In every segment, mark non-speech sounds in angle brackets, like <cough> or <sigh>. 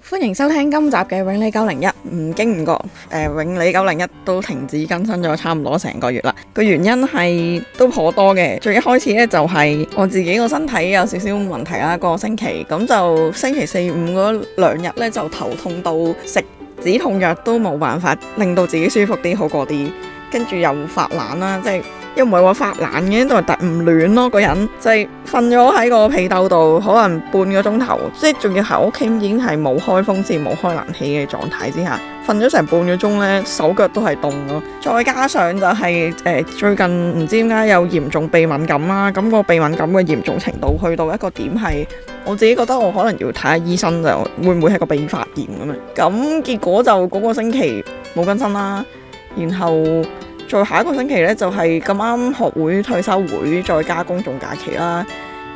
歡迎收聽今集嘅永利九零一，唔經唔覺，誒，永利九零一都停止更新咗差唔多成個月啦。個原因係都頗多嘅，最一開始呢，就係我自己個身體有少少問題啦。個星期咁就星期四五嗰兩日呢，就頭痛到食止痛藥都冇辦法令到自己舒服啲好過啲，跟住又發懶啦，即係。又唔係話發冷嘅，都係突唔暖咯。個人就係瞓咗喺個被竇度，可能半個鐘頭，即係仲要喺屋企已經係冇開風扇、冇開冷氣嘅狀態之下，瞓咗成半個鐘呢，手腳都係凍咯。再加上就係、是、誒、呃、最近唔知點解有嚴重鼻敏感啦，咁、那個鼻敏感嘅嚴重程度去到一個點係我自己覺得我可能要睇下醫生就會唔會係個鼻發炎咁樣。咁結果就嗰個星期冇更新啦，然後。在再下一個星期咧，就係咁啱學會退休會，再加公眾假期啦，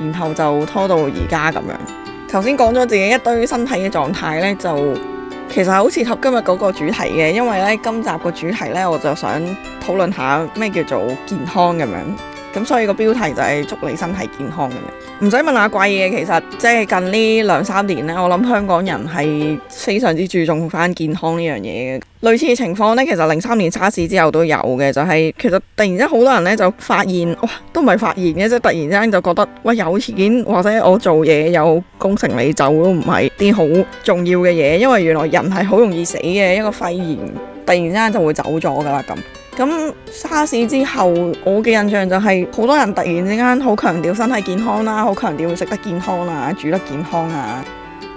然後就拖到而家咁樣。頭先講咗自己一堆身體嘅狀態咧，就其實好似合今日嗰個主題嘅，因為咧今集個主題咧，我就想討論下咩叫做健康咁樣。咁所以個標題就係祝你身體健康嘅。唔使問阿貴嘅，其實即係近呢兩三年呢，我諗香港人係非常之注重翻健康呢樣嘢嘅。類似情況呢，其實零三年沙士之後都有嘅，就係、是、其實突然之間好多人呢就發現，哇，都唔係發現嘅，即係突然之間就覺得，喂，有錢或者我做嘢有功成名就都唔係啲好重要嘅嘢，因為原來人係好容易死嘅一個肺炎，突然之間就會走咗噶啦咁。咁沙士之後，我嘅印象就係好多人突然之間好強調身體健康啦，好強調要食得健康啊，煮得健康啊，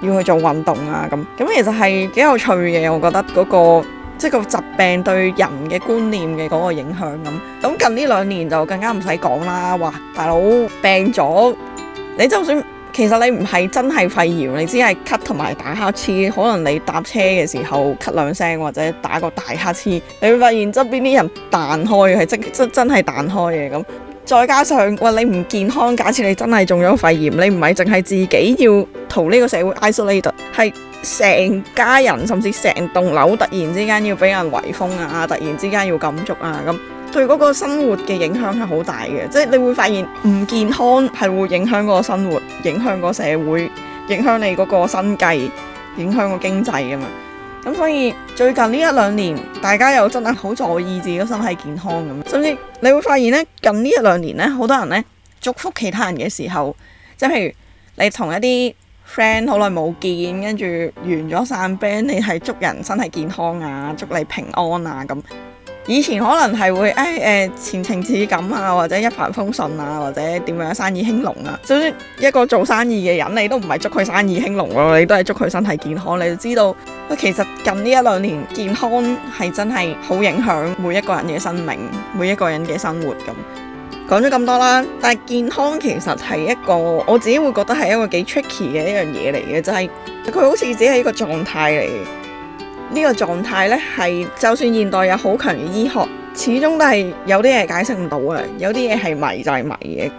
要去做運動啊咁。咁其實係幾有趣嘅，我覺得嗰個即係個疾病對人嘅觀念嘅嗰個影響咁。咁近呢兩年就更加唔使講啦，話大佬病咗，你就算。其實你唔係真係肺炎，你只係咳同埋打乞嗤。可能你搭車嘅時候咳兩聲，或者打個大乞嗤，你會發現側邊啲人彈開嘅係真真真係彈開嘅咁。再加上，哇！你唔健康，假設你真係中咗肺炎，你唔係淨係自己要同呢個社會 isolate，係成家人甚至成棟樓突然之間要俾人圍封啊，突然之間要禁足啊咁。對嗰個生活嘅影響係好大嘅，即係你會發現唔健康係會影響嗰個生活、影響嗰個社會、影響你嗰個生計、影響個經濟啊嘛。咁所以最近呢一兩年，大家又真係好在意自己身體健康咁。甚至你會發現呢近呢一兩年呢，好多人呢祝福其他人嘅時候，即係譬如你同一啲 friend 好耐冇見，跟住完咗散 band，你係祝人身體健康啊，祝你平安啊咁。以前可能係會誒誒、哎呃、前程似錦啊，或者一帆風順啊，或者點樣生意興隆啊。就算一個做生意嘅人，你都唔係祝佢生意興隆咯，啊，你都係祝佢身體健康。你就知道，其實近呢一兩年健康係真係好影響每一個人嘅生命，每一個人嘅生活咁。講咗咁多啦，但係健康其實係一個我自己會覺得係一個幾 tricky 嘅一樣嘢嚟嘅，就係、是、佢好似只係一個狀態嚟。呢個狀態呢，係就算現代有好強嘅醫學，始終都係有啲嘢解釋唔到嘅，有啲嘢係迷就係迷嘅。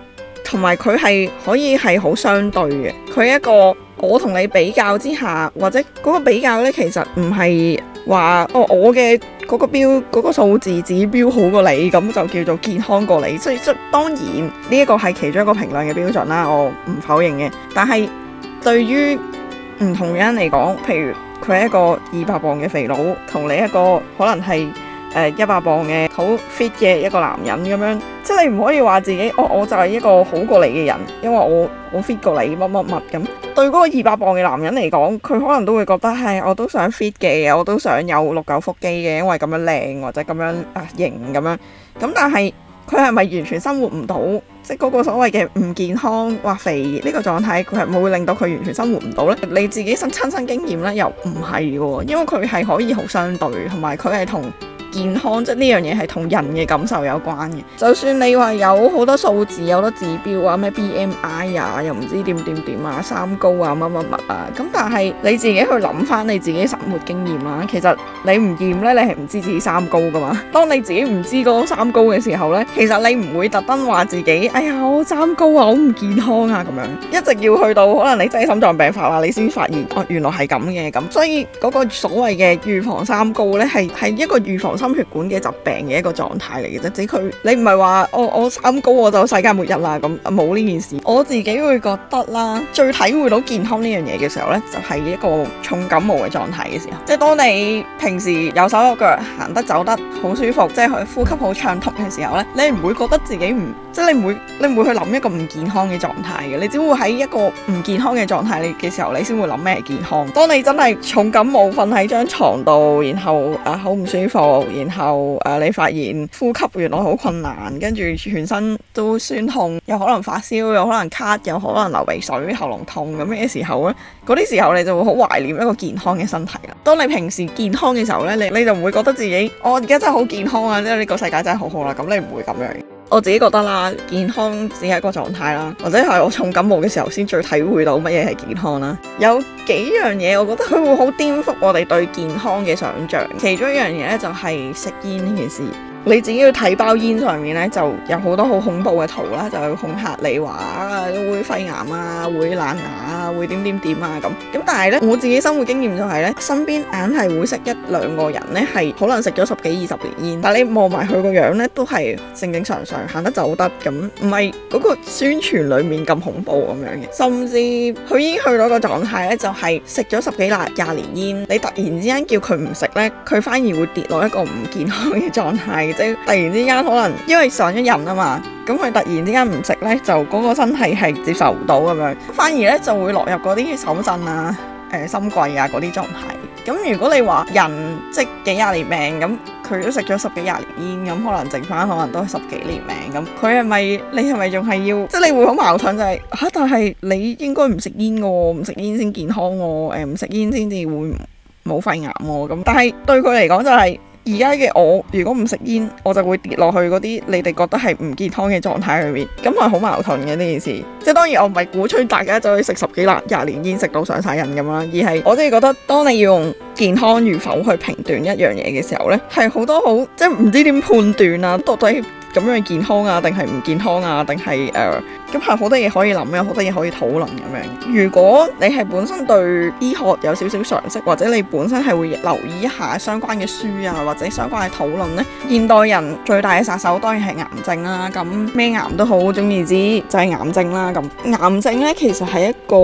同埋佢係可以係好相對嘅，佢一個我同你比較之下，或者嗰個比較呢，其實唔係話哦，我嘅嗰個標嗰個數字指標好過你，咁就叫做健康過你。所以當然呢一個係其中一個評量嘅標準啦，我唔否認嘅。但係對於唔同人嚟講，譬如佢係一個二百磅嘅肥佬，同你一個可能係誒一百磅嘅好 fit 嘅一個男人咁樣，即係你唔可以話自己哦，我就係一個好過你嘅人，因為我我 fit 過你乜乜乜咁。對嗰個二百磅嘅男人嚟講，佢可能都會覺得係我都想 fit 嘅，我都想有六嚿腹肌嘅，因為咁樣靚或者咁樣啊型咁樣。咁、啊、但係佢係咪完全生活唔到？即係嗰個所謂嘅唔健康或肥呢個狀態，佢係唔會令到佢完全生活唔到咧。你自己身親身經驗呢，又唔係喎，因為佢係可以好相對，同埋佢係同健康即係呢樣嘢係同人嘅感受有關嘅。 <laughs> 就算你話有好多數字、好多指標啊，咩 BMI 啊，又唔知點點點啊，三高啊，乜乜乜啊，咁但係你自己去諗翻你自己生活經驗啦，其實你唔驗呢，你係唔知自己三高噶嘛。 <laughs> 當你自己唔知個三高嘅時候呢，其實你唔會特登話自己。哎呀，我三高啊，好唔健康啊，咁樣一直要去到可能你真係心臟病發啦，你先發現哦，原來係咁嘅咁。所以嗰個所謂嘅預防三高呢，係係一個預防心血管嘅疾病嘅一個狀態嚟嘅啫。即佢你唔係話我我三高我就世界末日啦咁，冇呢件事。我自己會覺得啦，最體會到健康呢樣嘢嘅時候呢，就係一個重感冒嘅狀態嘅時候，即係當你平時有手有腳行得走得好舒服，即係去呼吸好暢通嘅時候呢，你唔會覺得自己唔。即係你唔會，你唔會去諗一個唔健康嘅狀態嘅，你只會喺一個唔健康嘅狀態你嘅時候你先會諗咩健康。當你真係重感冒瞓喺張床度，然後誒好唔舒服，然後誒、啊、你發現呼吸原來好困難，跟住全身都酸痛，有可能發燒，有可能咳，有可能流鼻水、喉嚨痛咁嘅時候咧，嗰啲時候你就會好懷念一個健康嘅身體啦。當你平時健康嘅時候咧，你你就唔會覺得自己，我而家真係好健康啊，即呢個世界真係好好啦。咁你唔會咁樣。我自己覺得啦，健康只係一個狀態啦，或者係我重感冒嘅時候先最體會到乜嘢係健康啦。有幾樣嘢，我覺得佢會好顛覆我哋對健康嘅想像。其中一樣嘢呢，就係食煙呢件事。你自己要睇包煙上面咧，就有好多好恐怖嘅圖啦，就去恐嚇你話會肺癌啊，會爛牙啊，會點點點啊咁。咁但係咧，我自己生活經驗就係咧，身邊硬係會識一兩個人咧，係可能食咗十幾二十年煙，但係你望埋佢個樣咧，都係正正常常行得走得咁，唔係嗰個宣傳裡面咁恐怖咁樣嘅。甚至佢已經去到個狀態咧，就係食咗十幾廿年煙，你突然之間叫佢唔食咧，佢反而會跌落一個唔健康嘅狀態。即突然之間可能因為上咗癮啊嘛，咁佢突然之間唔食呢，就嗰個身體係接受唔到咁樣，反而呢就會落入嗰啲，手震啊、誒、呃、心悸啊嗰啲狀態。咁如果你話人即係幾廿年命，咁佢都食咗十幾廿年煙，咁可能剩翻可能都係十幾年命，咁佢係咪？你係咪仲係要？即、就、係、是、你會好矛盾就係、是、吓、啊，但係你應該唔食煙嘅喎，唔食煙先健康喎，誒唔食煙先至會冇肺癌喎，咁但係對佢嚟講就係、是。而家嘅我如果唔食煙，我就會跌落去嗰啲你哋覺得係唔健康嘅狀態裏面，咁係好矛盾嘅呢件事。即係當然我唔係鼓吹大家就去食十幾粒廿年煙食到上曬癮咁啦，而係我真係覺得當你要用健康與否去評斷一樣嘢嘅時候咧，係好多好即係唔知點判斷啊，到底。咁樣係健康啊，定係唔健康啊，定係誒咁係好多嘢可以諗，有好多嘢可以討論咁樣。如果你係本身對醫學有少少常識，或者你本身係會留意一下相關嘅書啊，或者相關嘅討論呢，現代人最大嘅殺手當然係癌症啦、啊。咁咩癌都好總言之就係、是、癌症啦、啊。咁癌症呢，其實係一個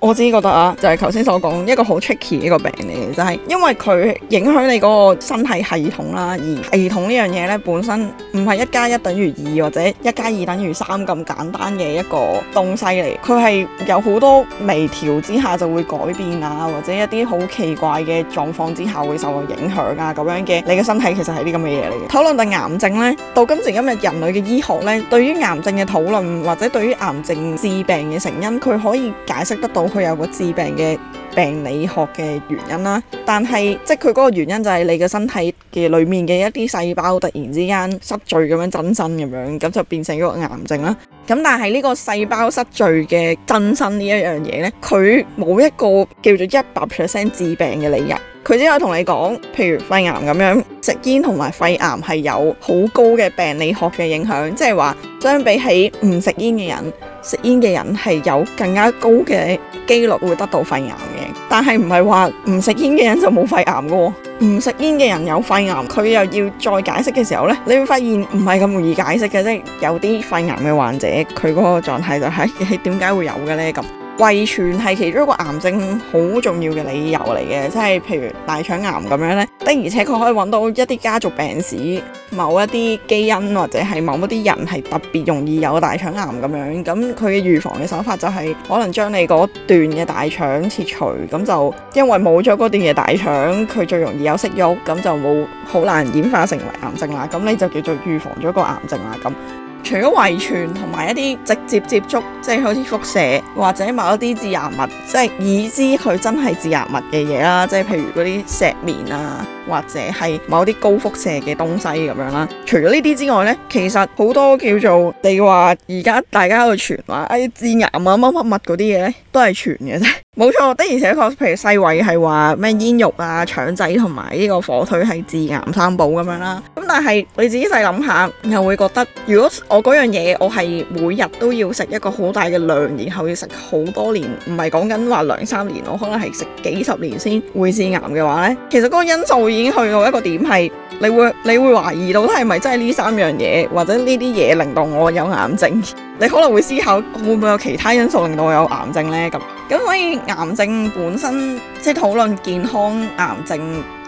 我自己覺得啊，就係頭先所講一個好 tricky 一個病嚟嘅，就係、是、因為佢影響你嗰個身體系統啦、啊，而系統呢樣嘢呢，本身唔係一間。一等於二或者一加二等於三咁簡單嘅一個東西嚟，佢係有好多微調之下就會改變啊，或者一啲好奇怪嘅狀況之下會受到影響啊咁樣嘅，你嘅身體其實係啲咁嘅嘢嚟嘅。討論到癌症呢，到今時今日人類嘅醫學呢，對於癌症嘅討論或者對於癌症致病嘅成因，佢可以解釋得到佢有個致病嘅。病理學嘅原因啦，但係即係佢嗰個原因就係你嘅身體嘅裏面嘅一啲細胞突然之間失序咁樣增生咁樣，咁就變成一個癌症啦。咁但係呢個細胞失序嘅增生呢一樣嘢呢，佢冇一個叫做一百 percent 致病嘅理由。佢只可以同你講，譬如肺癌咁樣，食煙同埋肺癌係有好高嘅病理學嘅影響，即係話相比起唔食煙嘅人。食煙嘅人係有更加高嘅機率會得到肺癌嘅，但係唔係話唔食煙嘅人就冇肺癌㗎喎。唔食煙嘅人有肺癌，佢又要再解釋嘅時候呢，你會發現唔係咁容易解釋嘅啫。即係有啲肺癌嘅患者，佢嗰個狀態就係：「你點解會有嘅呢？」咁。遺傳係其中一個癌症好重要嘅理由嚟嘅，即係譬如大腸癌咁樣呢。的而且確可以揾到一啲家族病史，某一啲基因或者係某一啲人係特別容易有大腸癌咁樣，咁佢嘅預防嘅手法就係可能將你嗰段嘅大腸切除，咁就因為冇咗嗰段嘅大腸，佢最容易有息肉，咁就冇好難演化成為癌症啦，咁你就叫做預防咗個癌症啦咁。除咗遺傳同埋一啲直接接觸，即係好似輻射或者某一啲致癌物，即係已知佢真係致癌物嘅嘢啦，即係譬如嗰啲石棉啊。或者係某啲高輻射嘅東西咁樣啦。除咗呢啲之外呢，其實好多叫做你話、哎啊， <laughs> 而家大家喺度傳話，誒致癌啊乜乜乜嗰啲嘢呢都係傳嘅啫。冇錯，的而且確，譬如世衛係話咩煙肉啊、腸仔同埋呢個火腿係致癌三寶咁樣啦。咁但係你自己細諗下，又會覺得，如果我嗰樣嘢我係每日都要食一個好大嘅量，然後要食好多年，唔係講緊話兩三年，我可能係食幾十年先會致癌嘅話呢，其實嗰個因素。已經去到一個點，係你會你會懷疑到，係咪真係呢三樣嘢，或者呢啲嘢令到我有癌症？ <laughs> 你可能會思考會唔會有其他因素令到我有癌症呢？咁咁，所以癌症本身即係討論健康癌症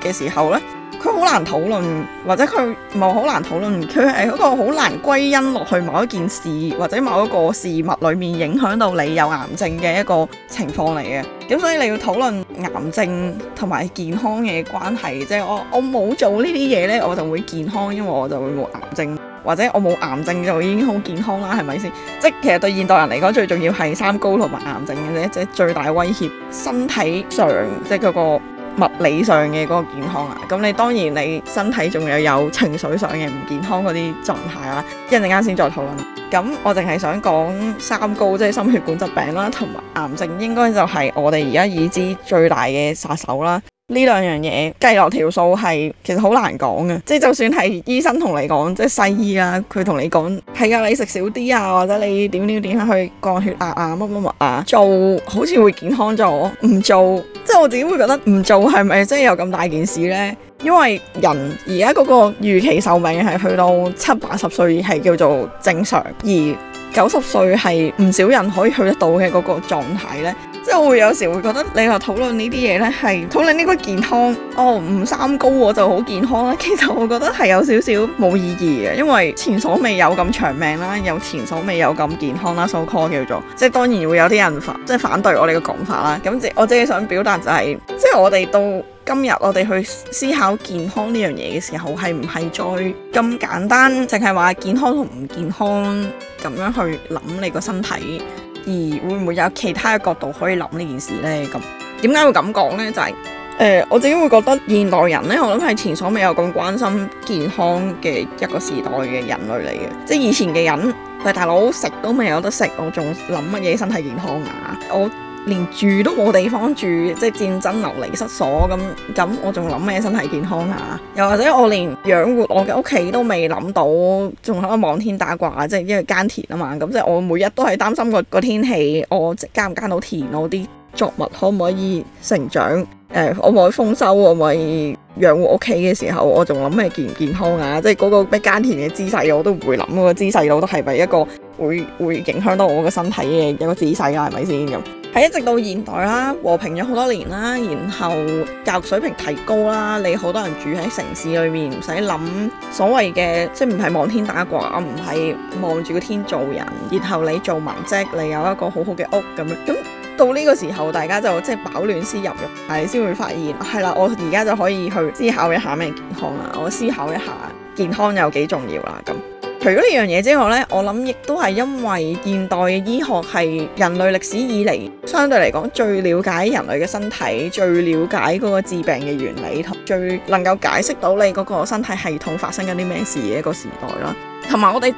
嘅時候呢，佢好難討論，或者佢唔係好難討論，佢係嗰個好難歸因落去某一件事或者某一個事物裏面影響到你有癌症嘅一個情況嚟嘅。咁所以你要討論癌症同埋健康嘅關係，即係我我冇做呢啲嘢咧，我就會健康，因為我就會冇癌症，或者我冇癌症就已經好健康啦，係咪先？即係其實對現代人嚟講，最重要係三高同埋癌症嘅啫，即係最大威脅身體上即係、那、嗰個。物理上嘅嗰個健康啊，咁你當然你身體仲又有，有情緒上嘅唔健康嗰啲狀態啦，一陣間先再討論。咁我淨係想講三高，即係心血管疾病啦、啊，同癌症，應該就係我哋而家已知最大嘅殺手啦、啊。呢兩樣嘢計落條數係，其實好難講嘅。即係就算係醫生同你講，即係西醫啊，佢同你講係啊，你食少啲啊，或者你點點點去降血壓啊，乜乜乜啊，做好似會健康咗。唔做，即係我自己會覺得唔做係咪真係有咁大件事呢？因為人而家嗰個預期壽命係去到七八十歲係叫做正常，而九十歲係唔少人可以去得到嘅嗰個狀態呢。都會有時會覺得你話討論呢啲嘢呢，係討論呢個健康哦，唔三高我就好健康啦。其實我覺得係有少少冇意義嘅，因為前所未有咁長命啦，有前所未有咁健康啦，so called 叫做即係，當然會有啲人反，即係反對我哋嘅講法啦。咁我即係想表達就係、是，即係我哋到今日我哋去思考健康呢樣嘢嘅時候，係唔係再咁簡單，淨係話健康同唔健康咁樣去諗你個身體？而會唔會有其他嘅角度可以諗呢件事呢？咁點解會咁講呢？就係、是呃、我自己會覺得現代人呢，我諗係前所未有咁關心健康嘅一個時代嘅人類嚟嘅。即係以前嘅人，佢大佬食都未有得食，我仲諗乜嘢身體健康啊？我連住都冇地方住，即係戰爭流離失所咁。咁我仲諗咩身體健康啊？又或者我連養活我嘅屋企都未諗到，仲喺度望天打卦，即係因為耕田啊嘛。咁即係我每日都係擔心個天氣，我耕唔耕到田，我啲作物可唔可以成長？誒、呃，可唔可以豐收？可唔可以養活屋企嘅時候，我仲諗咩健唔健康啊？即係嗰個咩耕田嘅姿勢，我都唔會諗、嗰個姿勢，我都係咪一個會會影響到我嘅身體嘅一個姿勢啊？係咪先咁？係一直到現代啦，和平咗好多年啦，然後教育水平提高啦，你好多人住喺城市裏面，唔使諗所謂嘅，即係唔係望天打卦，唔係望住個天做人，然後你做文職，你有一個好好嘅屋咁樣，咁到呢個時候，大家就即係飽暖思淫欲，係先會發現係啦，啊，我而家就可以去思考一下咩健康啦，我思考一下健康有幾重要啦咁。除咗呢樣嘢之外呢，我諗亦都係因為現代嘅醫學係人類歷史以嚟相對嚟講最了解人類嘅身體、最了解嗰個治病嘅原理同最能夠解釋到你嗰個身體系統發生緊啲咩事嘅一個時代啦，同埋我哋。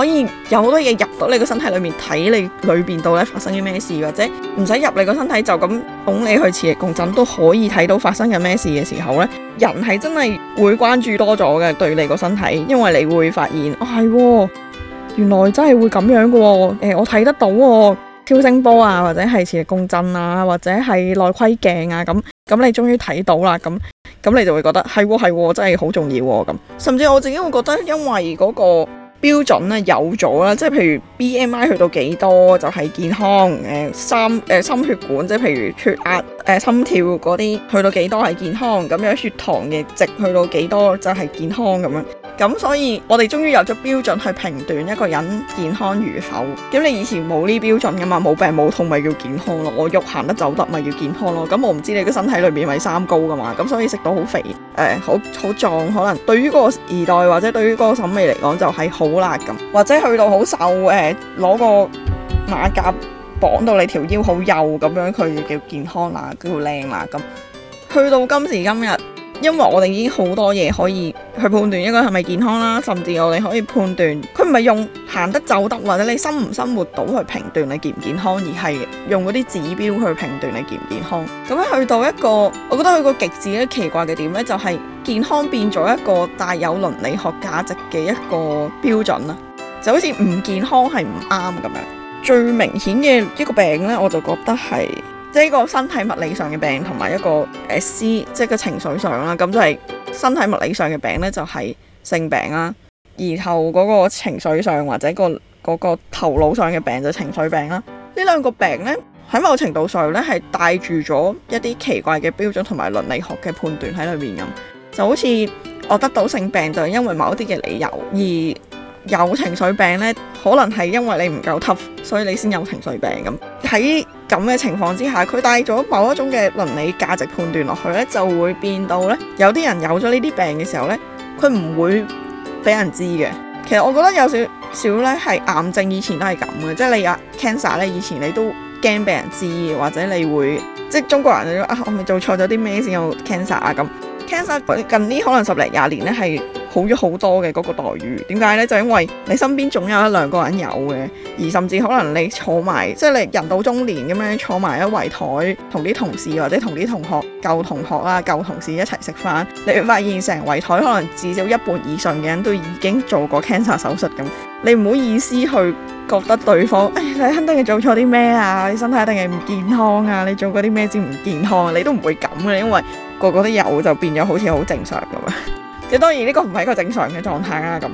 可以有好多嘢入到你個身體裏面，睇你裏邊度咧發生咗咩事，或者唔使入你個身體就咁㧬你去磁力共振都可以睇到發生緊咩事嘅時候呢，人係真係會關注多咗嘅對你個身體，因為你會發現啊係、哦，原來真係會咁樣嘅誒，我睇得到哦，超聲波啊或者係磁力共振啊或者係內窺鏡啊咁，咁你終於睇到啦咁，咁你就會覺得係係真係好重要咁，甚至我自己會覺得因為嗰、那個。標準咧有咗啦，即係譬如 B M I 去到幾多就係健康，誒、呃、心誒、呃、心血管，即係譬如血壓、誒、呃、心跳嗰啲去到幾多係健康，咁樣血糖嘅值去到幾多就係健康咁樣。咁所以我哋終於有咗標準去評斷一個人健康與否。咁你以前冇呢標準㗎嘛，冇病冇痛咪叫健康咯，我喐行得走得咪叫健康咯。咁我唔知你個身體裏面咪三高㗎嘛，咁所以食到好肥，誒好好壯，可能對於嗰個時代或者對於嗰個審美嚟講就係好。好辣咁，或者去到好瘦誒，攞個馬甲綁到你條腰好幼咁樣，佢就叫健康啦，叫靚啦咁。去到今時今日。因為我哋已經好多嘢可以去判斷一個係咪健康啦，甚至我哋可以判斷佢唔係用行得走得或者你生唔生活到去評斷你健唔健康，而係用嗰啲指標去評斷你健唔健康。咁樣去到一個，我覺得佢個極致咧，奇怪嘅點呢，就係健康變咗一個帶有倫理學價值嘅一個標準啦，就好似唔健康係唔啱咁樣。最明顯嘅一個病呢，我就覺得係。即係個身體物理上嘅病，同埋一個誒思，即係個情緒上啦。咁就係身體物理上嘅病咧，就係性病啦。然後嗰個情緒上或者個嗰個頭腦上嘅病就情緒病啦。呢兩個病咧，喺某程度上咧係帶住咗一啲奇怪嘅標準同埋倫理學嘅判斷喺裏面。咁，就好似我得到性病就係因為某一啲嘅理由而。有情緒病呢，可能係因為你唔夠 tough，所以你先有情緒病咁。喺咁嘅情況之下，佢帶咗某一種嘅倫理價值判斷落去呢，就會變到呢。有啲人有咗呢啲病嘅時候呢，佢唔會俾人知嘅。其實我覺得有少少呢係癌症以前都係咁嘅，即係你有 cancer 呢，以前你都驚俾人知，或者你會即係中國人、就是、啊，我咪做錯咗啲咩先有 cancer 啊咁。cancer 近年可能十零廿年呢係，好咗好多嘅嗰個待遇，點解呢？就因為你身邊總有一兩個人有嘅，而甚至可能你坐埋，即係你人到中年咁樣坐埋一圍台，同啲同事或者同啲同學、舊同學啊、舊同事一齊食飯，你會發現成圍台可能至少一半以上嘅人都已經做過 cancer 手術咁，你唔好意思去覺得對方，哎，你肯定係做錯啲咩啊？你身體一定係唔健康啊？你做過啲咩先唔健康啊？你都唔會咁嘅，因為個個都有就變咗好似好正常咁啊～ <laughs> 你當然呢個唔係一個正常嘅狀態啊！咁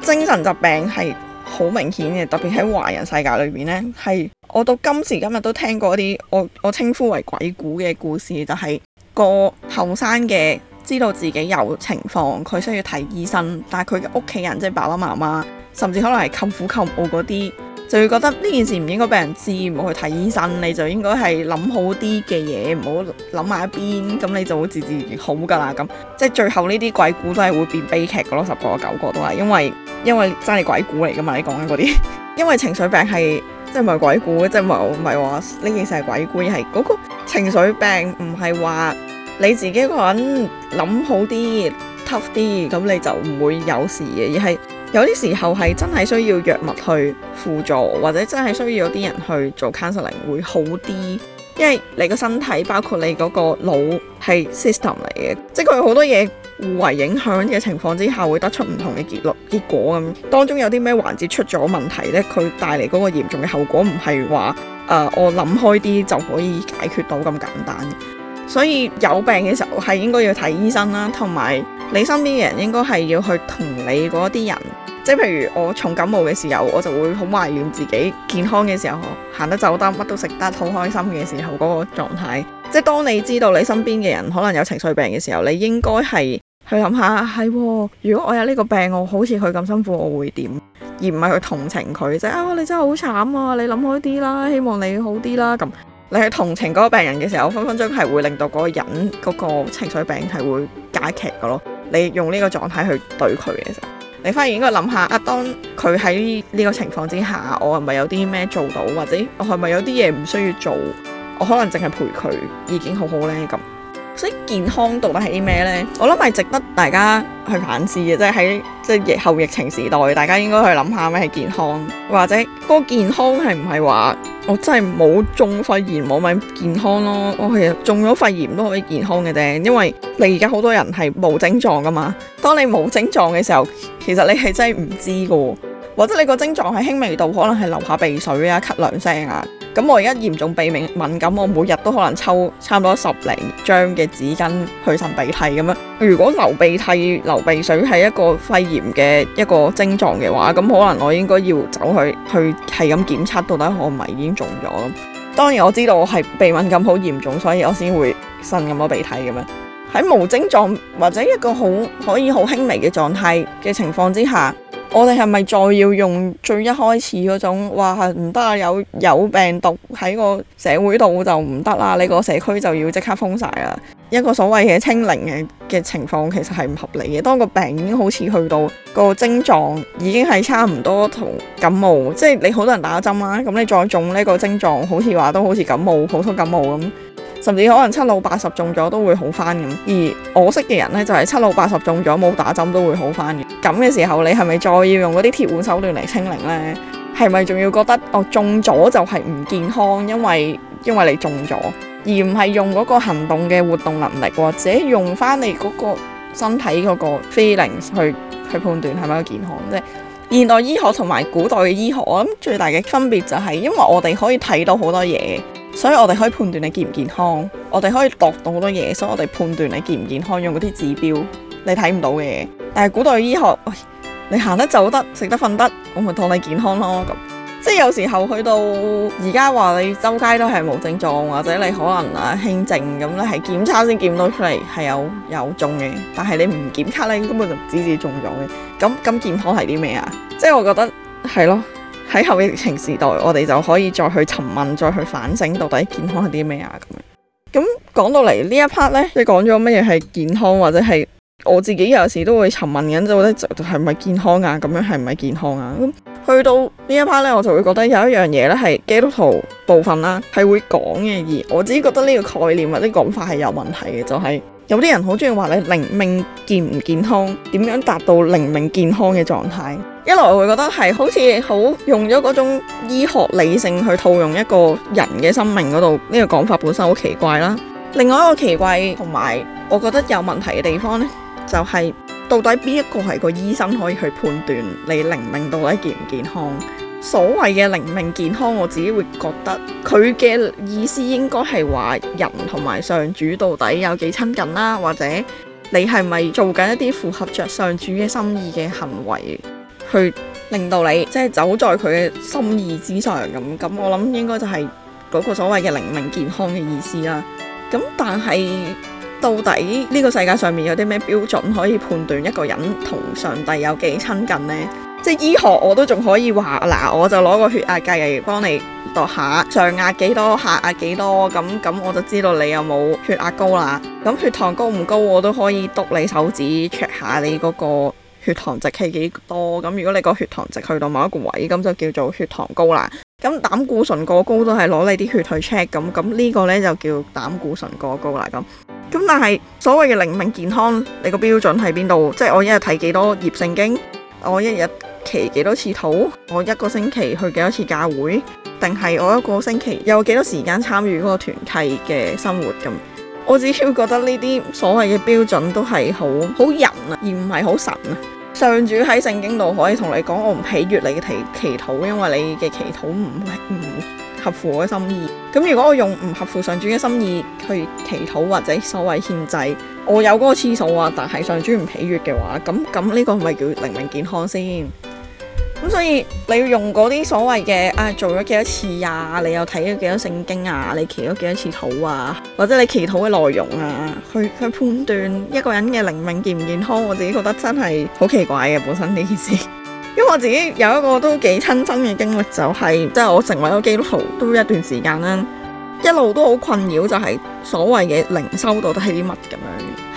精神疾病係好明顯嘅，特別喺華人世界裏邊呢，係我到今時今日都聽過一啲我我稱呼為鬼故嘅故事，就係個後生嘅知道自己有情況，佢需要睇醫生，但係佢嘅屋企人，即係爸爸媽媽，甚至可能係舅父舅母嗰啲。就會覺得呢件事唔應該俾人知，唔好去睇醫生，你就應該係諗好啲嘅嘢，唔好諗埋一邊，咁你就會自自然好噶啦。咁即係最後呢啲鬼故都係會變悲劇噶咯，十個九個都係，因為因為真係鬼故嚟噶嘛，你講緊嗰啲，因為情緒病係即係唔係鬼故，即係唔係話呢件事係鬼故，而係嗰個情緒病唔係話你自己個人諗好啲、tough 啲，咁你就唔會有事嘅，而係。有啲時候係真係需要藥物去輔助，或者真係需要有啲人去做 counseling 會好啲，因為你個身體包括你嗰個腦係 system 嚟嘅，即係佢好多嘢互為影響嘅情況之下，會得出唔同嘅結論結果咁。當中有啲咩環節出咗問題呢，佢帶嚟嗰個嚴重嘅後果唔係話誒我諗開啲就可以解決到咁簡單。所以有病嘅時候係應該要睇醫生啦，同埋你身邊嘅人應該係要去同你嗰啲人。即係譬如我重感冒嘅時候，我就會好懷念自己健康嘅時候，行得走得乜都食得好開心嘅時候嗰個狀態。即係當你知道你身邊嘅人可能有情緒病嘅時候，你應該係去諗下係，如果我有呢個病，我好似佢咁辛苦，我會點？而唔係去同情佢，即係啊，你真係好慘啊！你諗開啲啦，希望你好啲啦。咁你去同情嗰個病人嘅時候，分分鐘係會令到嗰個人嗰個情緒病係會加劇噶咯。你用呢個狀態去對佢嘅時候。你反而應該諗下，阿、啊、當佢喺呢個情況之下，我係咪有啲咩做到，或者我係咪有啲嘢唔需要做？我可能淨係陪佢已經好好咧咁。所以健康到底係啲咩呢？我諗係值得大家去反思嘅，即係喺即係後疫情時代，大家應該去諗下咩係健康，或者嗰個健康係唔係話我真係冇中肺炎冇咪健康咯？我其實中咗肺炎都可以健康嘅啫，因為你而家好多人係冇症狀噶嘛。當你冇症狀嘅時候，其實你係真係唔知噶，或者你個症狀係輕微到可能係流下鼻水啊、咳兩聲啊。咁我而家嚴重鼻敏感，我每日都可能抽差唔多十零張嘅紙巾去擤鼻涕樣。咁如果流鼻涕、流鼻水係一個肺炎嘅一個症狀嘅話，咁可能我應該要走去去係咁檢測，到底我唔係已經中咗。當然我知道我係鼻敏感好嚴重，所以我先會擤咁多鼻涕咁樣。喺無症狀或者一個好可以好輕微嘅狀態嘅情況之下。我哋係咪再要用最一開始嗰種？哇，唔得啊，有有病毒喺個社會度就唔得啦，你個社區就要即刻封晒啦。一個所謂嘅清零嘅嘅情況，其實係唔合理嘅。當個病已經好似去到個症狀已經係差唔多同感冒，即係你好多人打咗針啦，咁你再種呢個症狀，好似話都好似感冒普通感冒咁。甚至可能七老八十中咗都會好翻咁，而我識嘅人呢，就係、是、七老八十中咗冇打針都會好翻嘅。咁嘅時候，你係咪再要用嗰啲鐵腕手段嚟清零呢？係咪仲要覺得我中咗就係唔健康？因為因為你中咗，而唔係用嗰個行動嘅活動能力，或者用翻你嗰個身體嗰個 feeling 去去判斷係咪一個健康？即現代醫學同埋古代嘅醫學，我諗最大嘅分別就係因為我哋可以睇到好多嘢。所以我哋可以判斷你健唔健康，我哋可以度到好多嘢，所以我哋判斷你健唔健康用嗰啲指標，你睇唔到嘅。但係古代醫學，你行得走得食得瞓得，我咪當你健康咯咁。即係有時候去到而家話你周街都係冇症狀，或者你可能啊輕症咁咧，係檢測先檢到出嚟係有有中嘅，但係你唔檢測咧，根本就指指中中嘅。咁咁健康係啲咩啊？即係我覺得係咯。喺後疫情時代，我哋就可以再去尋問、再去反省，到底健康係啲咩啊？咁樣咁講到嚟呢一 part 呢，你係講咗乜嘢係健康，或者係我自己有時都會尋問緊，就覺得係咪健康啊？咁樣係咪健康啊？咁去到呢一 part 呢，我就會覺得有一樣嘢呢係基督徒部分啦，係會講嘅，而我自己覺得呢個概念或者講法係有問題嘅，就係、是。有啲人好中意話你靈命健唔健康，點樣達到靈命健康嘅狀態？一來我會覺得係好似好用咗嗰種醫學理性去套用一個人嘅生命嗰度，呢個講法本身好奇怪啦。另外一個奇怪同埋我覺得有問題嘅地方呢，就係到底邊一個係個醫生可以去判斷你靈命到底健唔健康？所謂嘅靈命健康，我自己會覺得佢嘅意思應該係話人同埋上主到底有幾親近啦，或者你係咪做緊一啲符合着上主嘅心意嘅行為，去令到你即係走在佢嘅心意之上咁？咁我諗應該就係嗰個所謂嘅靈命健康嘅意思啦。咁但係到底呢個世界上面有啲咩標準可以判斷一個人同上帝有幾親近呢？即係醫學我都仲可以話嗱，我就攞個血壓計嚟幫你度下上壓，幾多下壓幾多咁咁，我就知道你有冇血壓高啦。咁血糖高唔高，我都可以督你手指 check 下你嗰個血糖值係幾多。咁如果你個血糖值去到某一個位，咁就叫做血糖高啦。咁膽固醇過高都係攞你啲血去 check，咁咁呢個呢，就叫膽固醇過高啦。咁咁但係所謂嘅靈命健康，你個標準喺邊度？即係我一日睇幾多頁聖經，我一日。期幾多次禱？我一個星期去幾多次教會？定係我一個星期有幾多時間參與嗰個團契嘅生活咁？我只要覺得呢啲所謂嘅標準都係好好人啊，而唔係好神啊。上主喺聖經度可以同你講，我唔喜悅你嘅祈祈禱，因為你嘅祈禱唔係唔合乎我嘅心意。咁如果我用唔合乎上主嘅心意去祈禱或者所謂獻祭，我有嗰個次數啊，但係上主唔喜悅嘅話，咁咁呢個咪叫靈命健康先。咁所以你要用嗰啲所謂嘅，啊做咗幾多次呀，啊？你又睇咗幾多聖經啊？你祈禱幾多次禱啊？或者你祈禱嘅內容啊，去去判斷一個人嘅靈命健唔健康？我自己覺得真係好奇怪嘅本身呢件事。 <laughs> 因為我自己有一個都幾親身嘅經歷，就係即係我成為咗基督徒都一段時間啦。一路都好困擾，就係所謂嘅靈修到底係啲乜咁樣？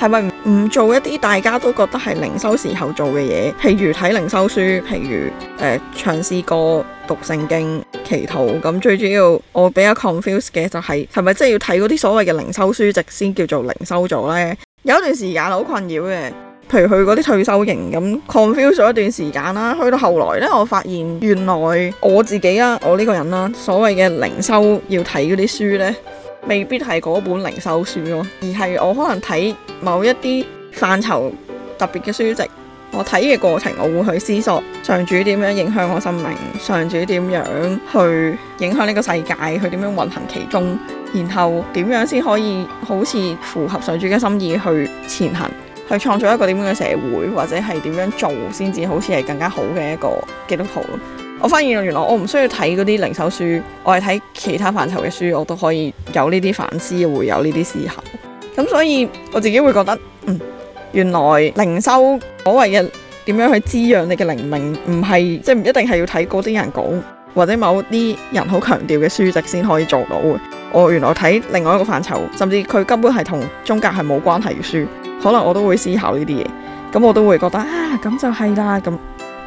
係咪唔做一啲大家都覺得係靈修時候做嘅嘢？譬如睇靈修書，譬如誒唱詩歌、讀聖經、祈禱咁。最主要我比較 confused 嘅就係係咪真係要睇嗰啲所謂嘅靈修書籍先叫做靈修咗呢？有段時間好困擾嘅。譬如佢嗰啲退休型咁 confuse 咗一段時間啦，去到後來呢，我發現原來我自己啦，我呢個人啦，所謂嘅靈修要睇嗰啲書呢，未必係嗰本靈修書咯，而係我可能睇某一啲範疇特別嘅書籍，我睇嘅過程，我會去思索上主點樣影響我生命，上主點樣去影響呢個世界，佢點樣運行其中，然後點樣先可以好似符合上主嘅心意去前行。去創造一個點樣嘅社會，或者係點樣做先至好似係更加好嘅一個基督徒。我發現原來我唔需要睇嗰啲靈修書，我係睇其他範疇嘅書，我都可以有呢啲反思，會有呢啲思考。咁所以我自己會覺得，嗯，原來靈修所謂嘅點樣去滋養你嘅靈命，唔係即係唔一定係要睇嗰啲人講，或者某啲人好強調嘅書籍先可以做到嘅。我、哦、原來睇另外一個範疇，甚至佢根本係同宗教係冇關係嘅書，可能我都會思考呢啲嘢。咁我都會覺得啊，咁就係啦，咁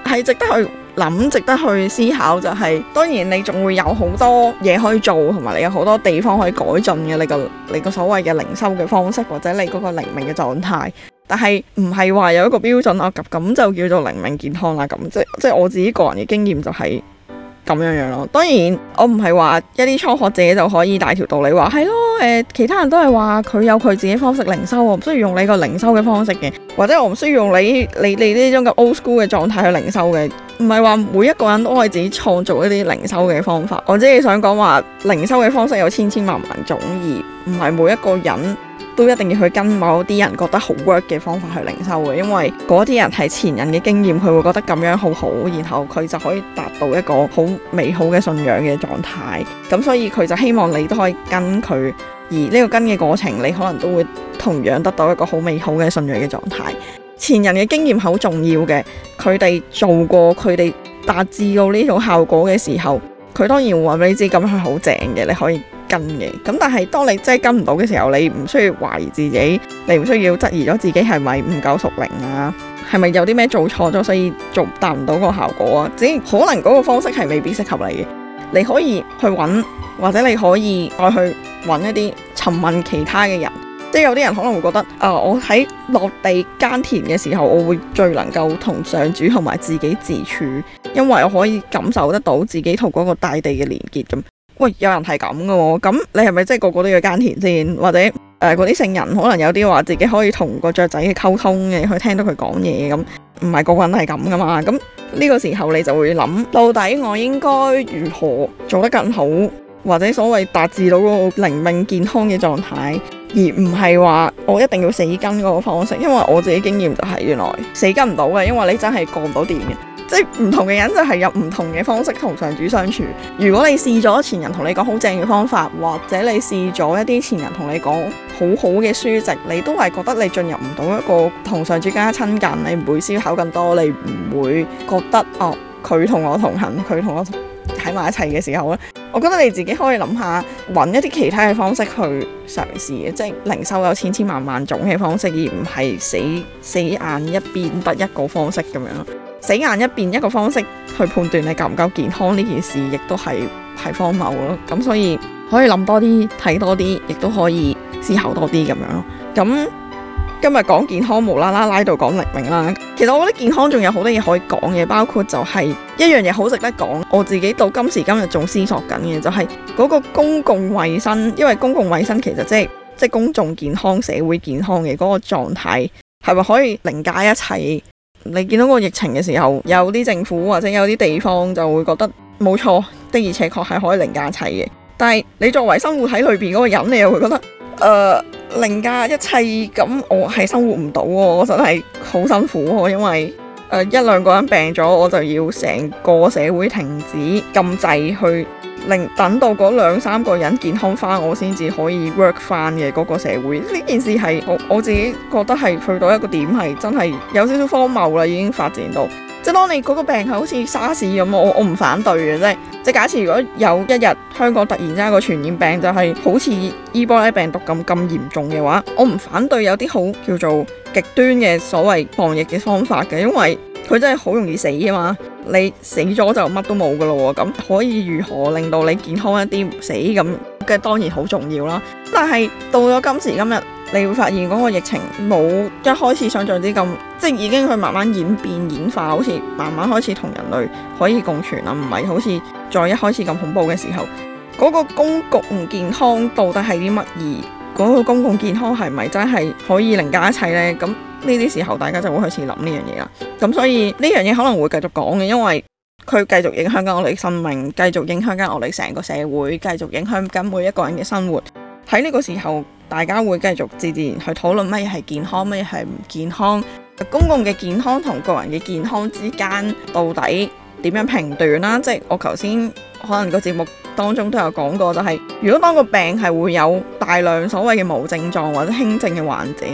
係值得去諗、值得去思考。就係、是、當然你仲會有好多嘢可以做，同埋你有好多地方可以改進嘅你個你個所謂嘅靈修嘅方式，或者你嗰個靈命嘅狀態。但係唔係話有一個標準啊，咁就叫做靈命健康啦。咁即即係我自己個人嘅經驗就係、是。咁樣樣咯，當然我唔係話一啲初學者就可以大條道理話係咯，誒 <laughs> 其他人都係話佢有佢自己方式靈修喎，唔需要用你個靈修嘅方式嘅，或者我唔需要用你你你呢種嘅 old school 嘅狀態去靈修嘅，唔係話每一個人都可以自己創造一啲靈修嘅方法。我只係想講話靈修嘅方式有千千萬萬種，而唔係每一個人都一定要去跟某啲人覺得好 work 嘅方法去靈修嘅，因為嗰啲人係前人嘅經驗，佢會覺得咁樣好好，然後佢就可以達到一個好美好嘅信仰嘅狀態，咁所以佢就希望你都可以跟佢，而呢個跟嘅過程，你可能都會同樣得到一個好美好嘅信仰嘅狀態。前人嘅經驗好重要嘅，佢哋做過，佢哋達至到呢種效果嘅時候，佢當然會話俾你知，咁係好正嘅，你可以。跟嘅。咁但係當你真係跟唔到嘅時候，你唔需要懷疑自己，你唔需要質疑咗自己係咪唔夠熟齡啊，係咪有啲咩做錯咗，所以做達唔到嗰個效果啊？只可能嗰個方式係未必適合你嘅，你可以去揾，或者你可以再去揾一啲詢問其他嘅人，即係有啲人可能會覺得，啊、呃，我喺落地耕田嘅時候，我會最能夠同上主同埋自己自處，因為我可以感受得到自己同嗰個大地嘅連結咁。喂，有人係咁噶喎，咁你係咪真係個個都要耕田先？或者誒嗰啲聖人可能有啲話自己可以同個雀仔去溝通嘅，去聽到佢講嘢咁，唔係個個都係咁噶嘛，咁呢個時候你就會諗，到底我應該如何做得更好，或者所謂達至到嗰個靈命健康嘅狀態，而唔係話我一定要死根嗰個方式，因為我自己經驗就係原來死根唔到嘅，因為你真係過唔到電嘅。即係唔同嘅人就係有唔同嘅方式同上主相處。如果你試咗前人同你講好正嘅方法，或者你試咗一啲前人同你講好好嘅書籍，你都係覺得你進入唔到一個同上主更加親近，你唔會思考咁多，你唔會覺得哦佢同我同行，佢同我喺埋一齊嘅時候咧，我覺得你自己可以諗下，揾一啲其他嘅方式去嘗試嘅，即係靈修有千千萬萬種嘅方式，而唔係死死眼一邊得一個方式咁樣。死眼一邊一個方式去判斷你夠唔夠健康呢件事，亦都係係荒謬咯。咁、嗯、所以可以諗多啲，睇多啲，亦都可以思考多啲咁樣咯。咁、嗯、今日講健康，無啦啦拉到講黎明啦。其實我覺得健康仲有好多嘢可以講嘅，包括就係、是、一樣嘢好值得講。我自己到今時今日仲思索緊嘅就係、是、嗰個公共衞生，因為公共衞生其實即係即係公眾健康、社會健康嘅嗰個狀態，係咪可以凌駕一切？你見到個疫情嘅時候，有啲政府或者有啲地方就會覺得冇錯，的而且確係可以凌駕一切嘅。但係你作為生活喺裏邊嗰個人，你又會覺得，誒、呃、凌駕一切咁，我係生活唔到喎，我實係好辛苦喎，因為誒、呃、一兩個人病咗，我就要成個社會停止禁制去。令等到嗰兩三個人健康翻，我先至可以 work 翻嘅嗰個社會，呢件事係我我自己覺得係去到一個點係真係有少少荒謬啦，已經發展到即係當你嗰個病係好似沙士咁，我我唔反對嘅，即係即係假設如果有一日香港突然之間個傳染病就係好似伊波拉病毒咁咁嚴重嘅話，我唔反對有啲好叫做極端嘅所謂防疫嘅方法嘅，因為。佢真係好容易死啊嘛！你死咗就乜都冇㗎喇喎，咁可以如何令到你健康一啲死咁嘅？當然好重要啦。但係到咗今時今日，你會發現嗰個疫情冇一開始想像啲咁，即係已經佢慢慢演變演化，好似慢慢開始同人類可以共存啦，唔係好似再一開始咁恐怖嘅時候。嗰個公共唔健康到底係啲乜嘢？嗰個公共健康係咪、那個、真係可以凌駕一切呢？咁？呢啲時候，大家就會開始諗呢樣嘢啦。咁所以呢樣嘢可能會繼續講嘅，因為佢繼續影響緊我哋嘅生命，繼續影響緊我哋成個社會，繼續影響緊每一個人嘅生活。喺呢個時候，大家會繼續自然去討論乜嘢係健康，乜嘢係唔健康。公共嘅健康同個人嘅健康之間到底點樣評斷啦？即係我頭先可能個節目當中都有講過，就是，就係如果當個病係會有大量所謂嘅無症狀或者輕症嘅患者。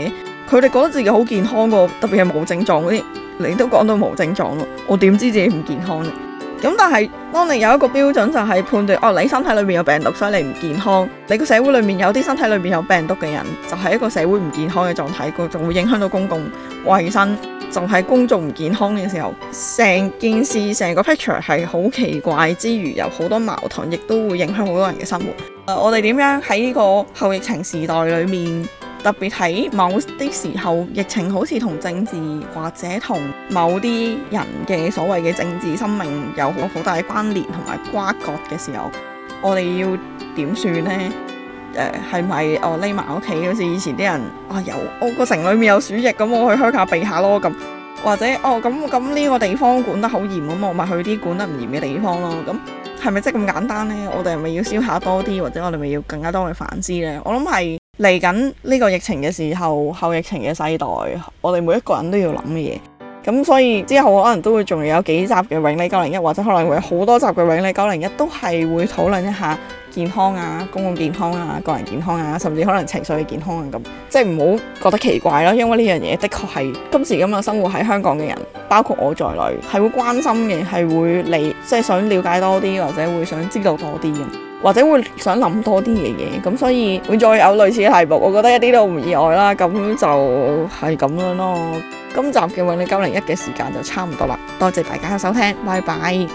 佢哋覺得自己好健康喎，特別係冇症狀嗰啲，你都講到冇症狀咯。我點知自己唔健康咧？咁但係當你有一個標準就係判斷哦，你身體裏面有病毒，所以你唔健康。你個社會裏面有啲身體裏面有病毒嘅人，就係、係、一個社會唔健康嘅狀態，個仲會影響到公共衞生，就係公眾唔健康嘅時候，成件事成個 picture 係好奇怪之餘，有好多矛盾，亦都會影響好多人嘅生活。呃，我哋點樣喺呢個後疫情時代裏面？特別喺某啲時候，疫情好似同政治或者同某啲人嘅所謂嘅政治生命有好大關聯同埋瓜葛嘅時候，我哋要點算呢？誒係咪哦匿埋屋企好似以前啲人啊？有我個、哦、城裏面有鼠疫咁，我去鄉下避下咯咁。或者哦咁咁呢個地方管得好嚴咁，我咪去啲管得唔嚴嘅地方咯。咁係咪即係咁簡單呢？我哋係咪要燒下多啲，或者我哋咪要更加多去反思呢？我諗係。嚟緊呢個疫情嘅時候，後疫情嘅世代，我哋每一個人都要諗嘅嘢。咁所以之後可能都會仲有幾集嘅永利九零一，或者可能會好多集嘅永利九零一，都係會討論一下健康啊、公共健康啊、個人健康啊，甚至可能情緒嘅健康啊。咁即係唔好覺得奇怪咯，因為呢樣嘢的確係今時今日生活喺香港嘅人，包括我在內，係會關心嘅，係會嚟，即係想了解多啲，或者會想知道多啲咁。或者會想諗多啲嘢嘅，咁所以會再有類似嘅題目，我覺得一啲都唔意外啦。咁就係咁樣咯。今集嘅《永利九零一》嘅時間就差唔多啦，多謝大家嘅收聽，拜拜。